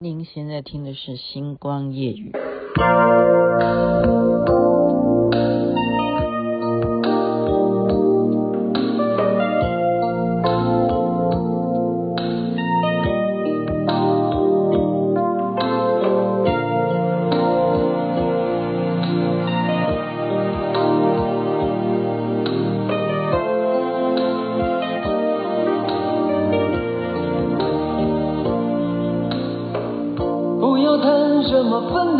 您現在聽的是《星光夜語》。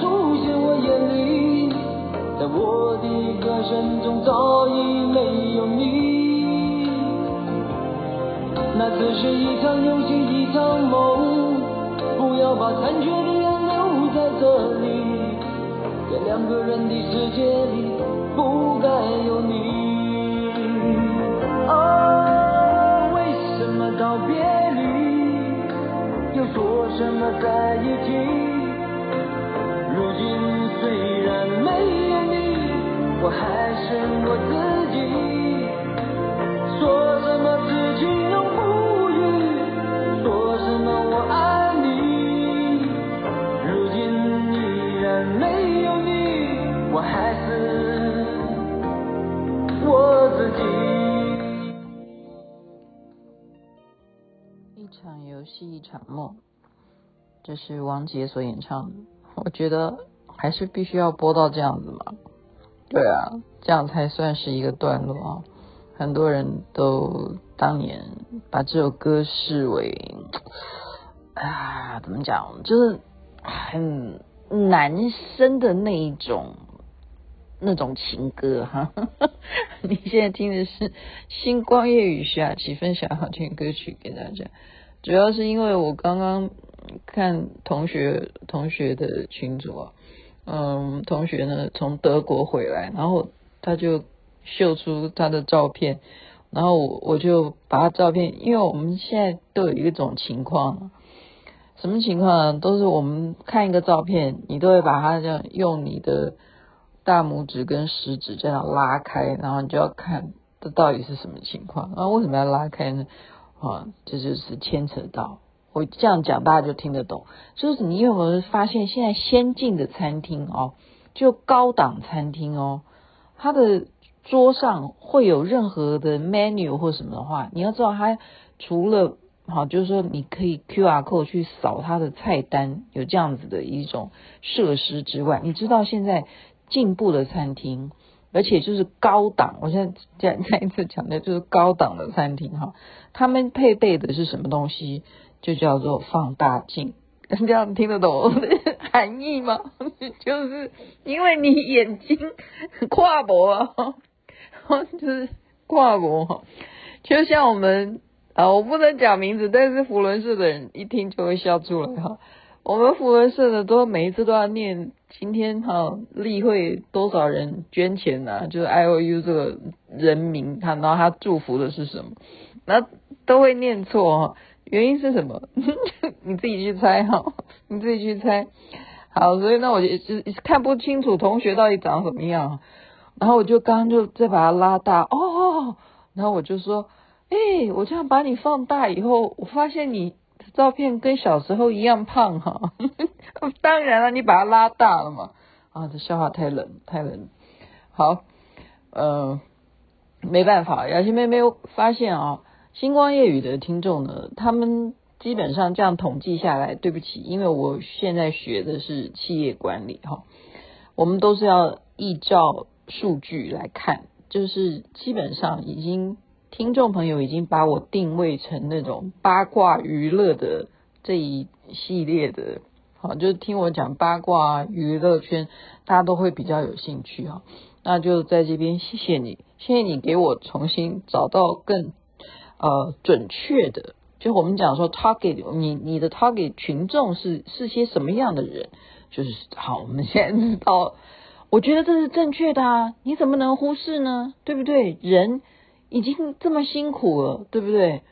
出現我眼裡，在我的歌聲中早已沒有你。那只是一場遊戲一場夢，不要把殘缺的愛留在這裡。在兩個人的世界裡，不該有你。啊，oh，為什麼道別離，又說什麼在一起？如今雖然沒有你，我還是我自己，說什麼此情永不渝，說什麼我愛你。如今依然沒有你，我還是我自己，一場遊戲一場夢。這是王杰所演唱，我覺得還是必須要播到這樣子嘛？對啊，這樣才算是一個段落啊！很多人都當年把這首歌視為啊，怎麼講，就是很男生的那一種那種情歌哈。呵呵 你現在聽的是《星光夜語》，下期分享好聽歌曲給大家。主要是因為我剛剛看同學同學的群組啊。嗯，同學呢，從德國回來，然後他就秀出他的照片，然後我我就把他照片，因為我們現在都有一種情況，什麼情況呢？都是我們看一個照片，你都會把它這樣用你的大拇指跟食指這樣拉開，然後你就要看這到底是什麼情況。那，啊，為什麼要拉開呢？啊，這就是牽扯到。我這樣講大家就聽得懂，就是你有沒有發現現在先進的餐廳哦，就高檔餐廳哦，它的桌上會有任何的 menu 或什麼的話，你要知道它除了好，就是說你可以 QR code 去掃它的菜單，有這樣子的一種設施之外，你知道現在進步的餐廳，而且就是高檔，我現在再再一次強調，就是高檔的餐廳哈、哦，他們配備的是什麼東西？就叫做放大鏡， 這樣聽得懂我的含義嗎？ 就是因為你眼睛跨博啊， 就是跨國。哈， 就像我們啊，我不能講名字，但是扶輪社的人一聽就會笑出來哈、啊。我們扶輪社的都每一次都要念今天哈、啊、例會多少人捐錢吶、啊，就是 I O U 這個人名，他然後他祝福的是什麼，那都會念錯哈。啊。原因是什麼？ 你自己去猜哈、哦，你自己去猜。好，所以那我就看不清楚同學到底長什麼樣。然後我就剛剛就再把它拉大，哦，然後我就說，哎、欸，我這樣把你放大以後，我發現你照片跟小時候一樣胖哈、啊。 當然了，你把它拉大了嘛。啊，這笑話太冷，太冷。好，嗯、呃，沒辦法，雅琪妹妹又發現啊、哦。星光夜語的聽眾呢？他們基本上這樣統計下來，對不起，因為我現在學的是企業管理哈，我們都是要依照數據來看，就是基本上已經聽眾朋友已經把我定位成那種八卦娛樂的這一系列的，好，就是聽我講八卦啊，娛樂圈，大家都會比較有興趣哈。那就在這邊謝謝你，謝謝你給我重新找到更。呃，準確的，就我們講說，target 你你的 target 群眾是是些什麼樣的人？就是好，我們先到。我覺得這是正確的啊，你怎麼能忽視呢？對不對？人已經這麼辛苦了，對不對？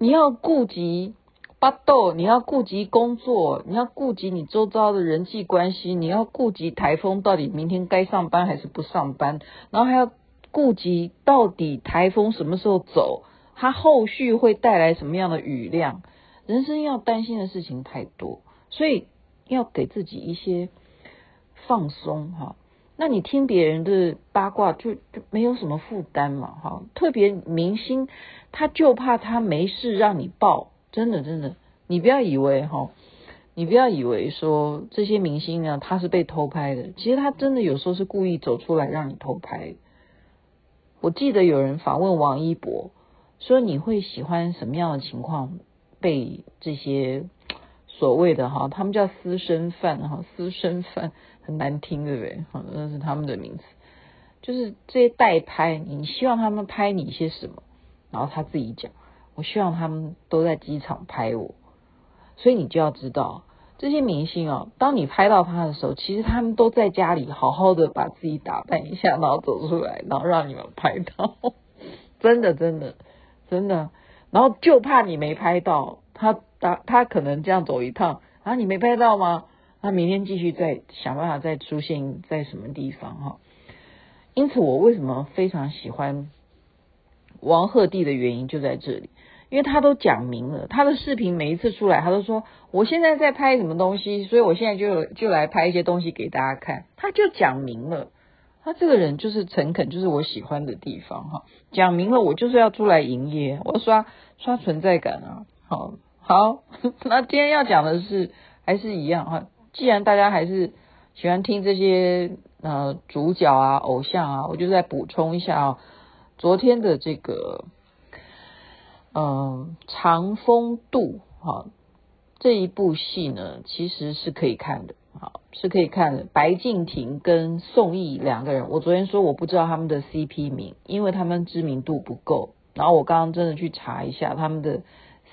你要顧及巴豆，你要顧及工作，你要顧及你周遭的人際關係，你要顧及台風到底明天該上班還是不上班，然後還要顧及到底台風什麼時候走。他後續會帶來什麼樣的雨量？人生要擔心的事情太多，所以要給自己一些放鬆哈。那你聽別人的八卦就就沒有什麼負擔嘛哈。特別明星，他就怕他沒事讓你爆，真的真的，你不要以為哈，你不要以為說這些明星呢、啊、他是被偷拍的，其實他真的有時候是故意走出來讓你偷拍。我記得有人訪問王一博。說你會喜歡什麼樣的情況？被這些所謂的哈，他們叫私生飯哈，私生飯很難聽，對不對？好、嗯，那是他們的名字。就是這些代拍，你希望他們拍你一些什麼？然後他自己講，我希望他們都在機場拍我。所以你就要知道，這些明星啊、哦，當你拍到他的時候，其實他們都在家裡好好的把自己打扮一下，然後走出來，然後讓你們拍到。呵呵，真的，真的。真的，然後就怕你沒拍到他，他他可能這樣走一趟啊，你沒拍到嗎？他明天繼續再想辦法再出現在什麼地方哈、哦。因此，我為什麼非常喜歡王鶴棣的原因就在這裡，因為他都講明了，他的視頻每一次出來，他都說我現在在拍什麼東西，所以我現在就就來拍一些東西給大家看，他就講明了。他、啊、這個人就是誠懇，就是我喜歡的地方哈。講明了，我就是要出來營業，我要刷刷存在感啊。好，好，那今天要講的是還是一樣哈。既然大家還是喜歡聽這些呃主角啊、偶像啊，我就再補充一下啊、哦。昨天的這個嗯、呃《長風渡》哈、哦，這一部戲呢其實是可以看的。好，是可以看的，白敬亭跟宋軼兩個人。我昨天說我不知道他們的 CP 名，因為他們知名度不夠。然後我剛剛真的去查一下他們的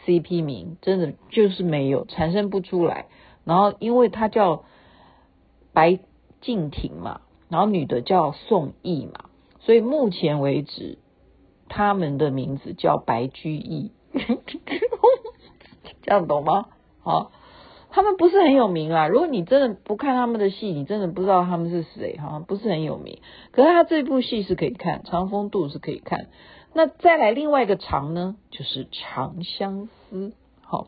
CP 名，真的就是沒有產生不出來。然後因為他叫白敬亭嘛，然後女的叫宋軼嘛，所以目前為止他們的名字叫白居易， 這樣懂嗎？好。他們不是很有名啊，如果你真的不看他們的戲，你真的不知道他們是誰，哈，不是很有名。可是他這部戲是可以看，《長風渡》，是可以看。那再來另外一個長呢，就是長《長相思》。好，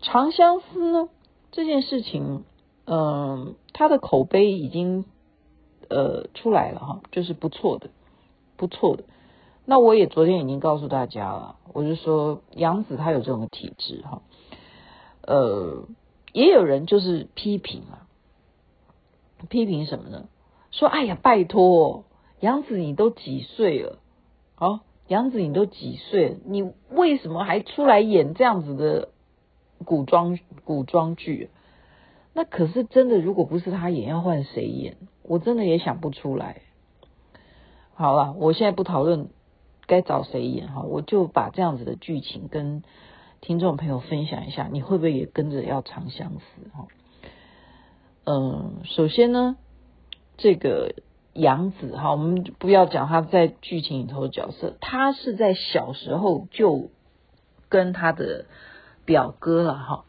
《長相思》呢這件事情，嗯、呃，他的口碑已經呃出來了哈，就是不錯的，不錯的。那我也昨天已經告訴大家了，我就說楊紫她有這種體質哈，呃。也有人就是批評嘛，批評什麼呢？說哎呀，拜托，楊紫你都幾歲了？哦，楊紫你都幾歲了？你為什麼還出來演這樣子的古裝古裝劇？那可是真的，如果不是他演，要換誰演？我真的也想不出來。好了，我現在不討論該找誰演哈，我就把這樣子的劇情跟。聽眾朋友，分享一下，你會不會也跟着要長相思？哈，嗯，首先呢，這個楊紫哈，我們不要講他在劇情裡頭的角色，他是在小時候就跟他的表哥了、啊、哈，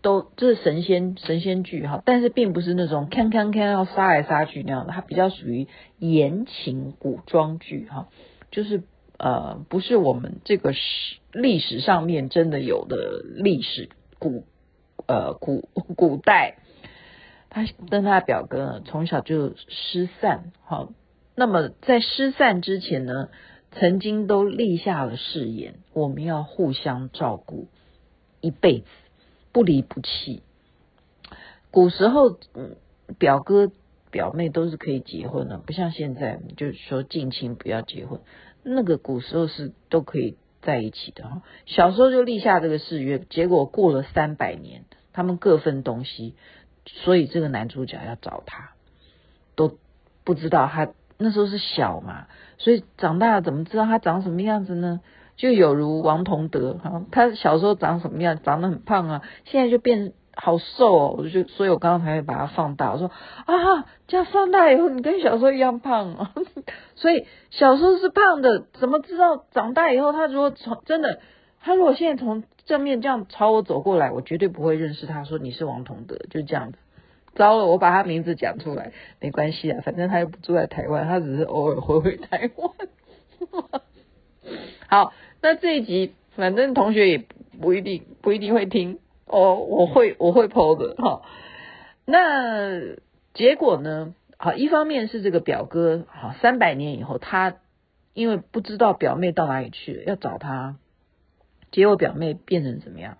都這、就是神仙神仙劇哈，但是並不是那種看看看要殺來殺去那樣的，他比較屬於言情古裝劇哈，就是。呃，不是我們這個史歷史上面真的有的歷史古，呃古古代，他跟他表哥從小就失散，好，那麼在失散之前呢，曾經都立下了誓言，我們要互相照顧一輩子，不離不棄。古時候，嗯，表哥表妹都是可以結婚的，不像現在，就是說近親不要結婚。那個古時候是都可以在一起的，小時候就立下這個誓約，結果過了三百年，他們各分東西，所以這個男主角要找他，都不知道他那時候是小嘛，所以長大了怎麼知道他長什麼樣子呢？就有如王同德哈，他小時候長什麼樣，長得很胖啊，現在就變。好瘦哦，我就所以，我剛剛才會把它放大。我說啊，這樣放大以後，你跟小時候一樣胖哦，所以小時候是胖的，怎麼知道長大以後他？他如果從真的，他如果現在從正面這樣朝我走過來，我絕對不會認識他。說你是王同德，就這樣子。糟了，我把他名字講出來，沒關係啊，反正他又不住在台灣，他只是偶爾回回台灣。 好，那這一集反正同學也不一定不一定會聽。哦，我會我會剖的哈、哦。那結果呢？啊，一方面是這個表哥啊，三百年以後，他因為不知道表妹到哪裡去了，要找他。結果表妹變成怎麼樣？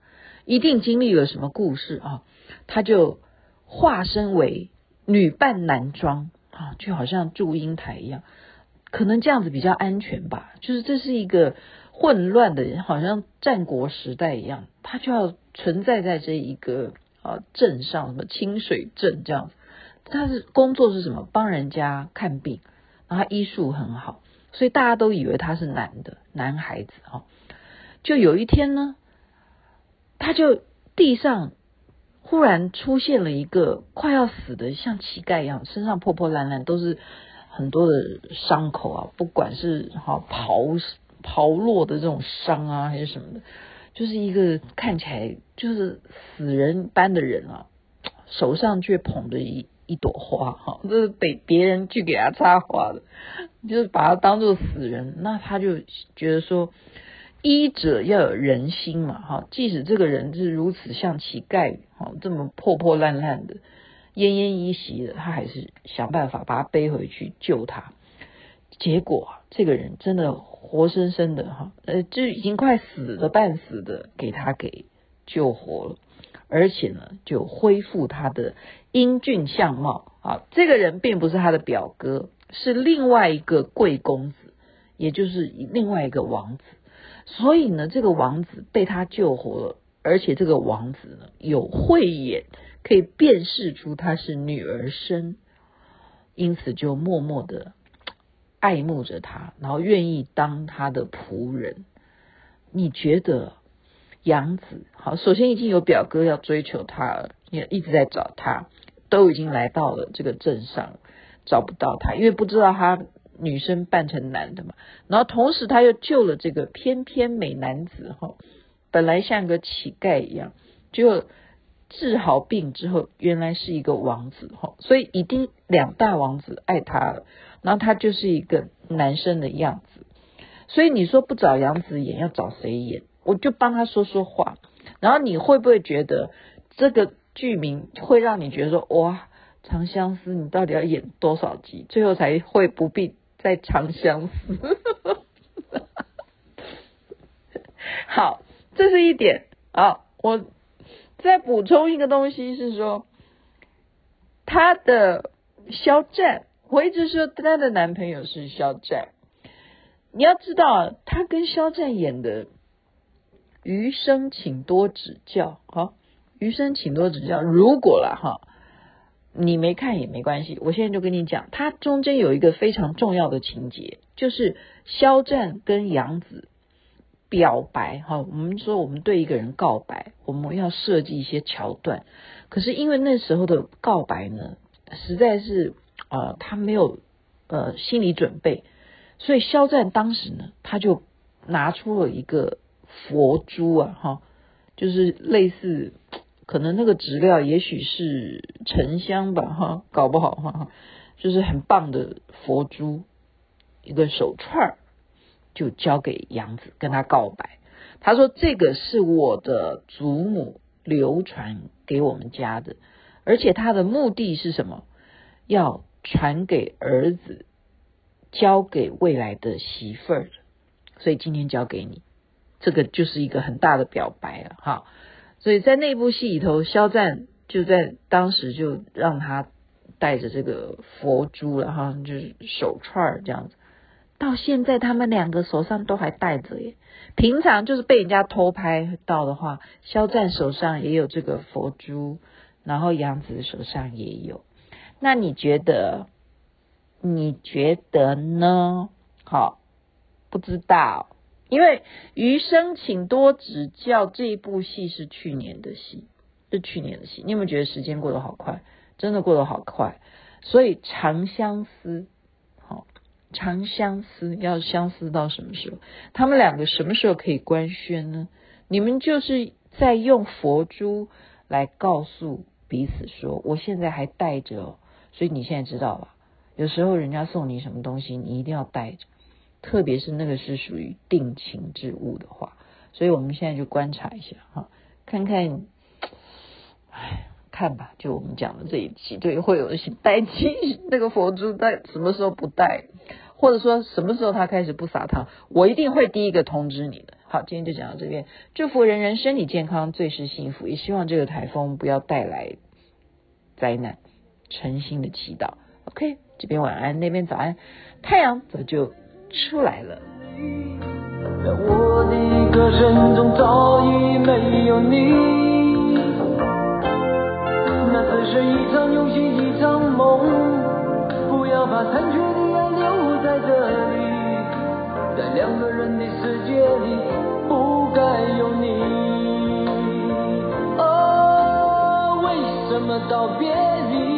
一定經歷了什麼故事啊、哦？他就化身為女扮男裝啊、哦，就好像祝英台一樣，可能這樣子比較安全吧。就是這是一個混亂的人，好像戰國時代一樣，他就要。存在在這一個，啊，鎮上，什麼清水鎮這樣子，他是工作是什麼？幫人家看病，然後他醫術很好，所以大家都以為他是男的，男孩子，啊，就有一天呢，他就地上忽然出現了一個快要死的，像乞丐一樣，身上破破爛爛，都是很多的傷口啊，不管是哈，啊，刨刨落的這種傷啊，還是什麼的。就是一個看起來就是死人般的人啊，手上卻捧着一一朵花哈，這是被別人去給他插花的，就是把他當做死人，那他就覺得說，醫者要有仁心嘛哈，即使這個人是如此像乞丐哈，這麼破破爛爛的、奄奄一息的，他還是想辦法把他背回去救他。結果啊，這個人真的活生生的哈，呃，就已經快死的半死的，給他給救活了，而且呢，就恢復他的英俊相貌。啊，這個人並不是他的表哥，是另外一個貴公子，也就是另外一個王子。所以呢，這個王子被他救活了，而且這個王子呢，有慧眼可以辨識出他是女兒身，因此就默默的。愛慕着他，然後願意當他的僕人。你覺得楊紫好？首先已經有表哥要追求他了，也一直在找他，都已經來到了這個鎮上，找不到他，因為不知道他女生扮成男的嘛。然後同時他又救了這個翩翩美男子，哈，本來像個乞丐一樣，就治好病之後，原來是一個王子，哈，所以已經兩大王子愛他了。然後他就是一個男生的樣子，所以你說不找楊紫演，要找誰演？我就幫他說說話。然後你會不會覺得這個劇名會讓你覺得說哇，《長相思》你到底要演多少集，最後才會不必再《長相思？》 好，這是一點。啊，我再補充一個東西是說，他的肖戰。我一直說她的男朋友是肖戰。你要知道、啊，她跟肖戰演的《餘生，請多指教》。好、哦，《餘生，請多指教》。如果了哈、哦，你沒看也沒關係。我現在就跟你講，它中間有一個非常重要的情節，就是肖戰跟楊紫表白。哈、哦，我們說我們對一個人告白，我們要設計一些橋段。可是因為那時候的告白呢，實在是。呃，他沒有呃心理準備，所以肖戰當時呢，他就拿出了一個佛珠啊，哈，就是類似，可能那個質料也許是沉香吧，哈，搞不好，哈，就是很棒的佛珠，一個手串就交給楊紫跟他告白。他說：“這個是我的祖母流傳給我們家的，而且他的目的是什麼？要。”傳給兒子，交給未來的媳婦兒，所以今天交給你，這個就是一個很大的表白了哈。所以在那部戲裡頭，肖戰就在當時就讓他戴着這個佛珠了哈，然後就是手串這樣子。到現在他們兩個手上都還戴着耶。平常就是被人家偷拍到的話，肖戰手上也有這個佛珠，然後楊紫手上也有。那你覺得？你覺得呢？好，不知道哦，因為《餘生請多指教》這一部戲是去年的戲，是去年的戲。你有沒有覺得時間過得好快？真的過得好快。所以《長相思》，好，《長相思》要相思到什麼時候？他們兩個什麼時候可以官宣呢？你們就是在用佛珠來告訴彼此說，我現在還帶着。所以你現在知道吧？有時候人家送你什麼東西，你一定要帶着，特別是那個是屬於定情之物的話。所以我們現在就觀察一下哈，看看唉，看吧。就我們講的這一期，對，會有一些帶起那個佛珠帶，在什麼時候不帶，或者說什麼時候他開始不撒糖，我一定會第一個通知你的。好，今天就講到這邊，祝福人人身體健康，最是幸福，也希望這個颱風不要帶來災難。誠心的祈禱，OK。這邊晚安，那邊早安，太陽早就出來了。我的歌聲中早已沒有你。那只是一場遊戲，一場夢。不要把殘缺的愛留在這裡。在兩個人的世界裡不該有你。哦，為什麼道別離？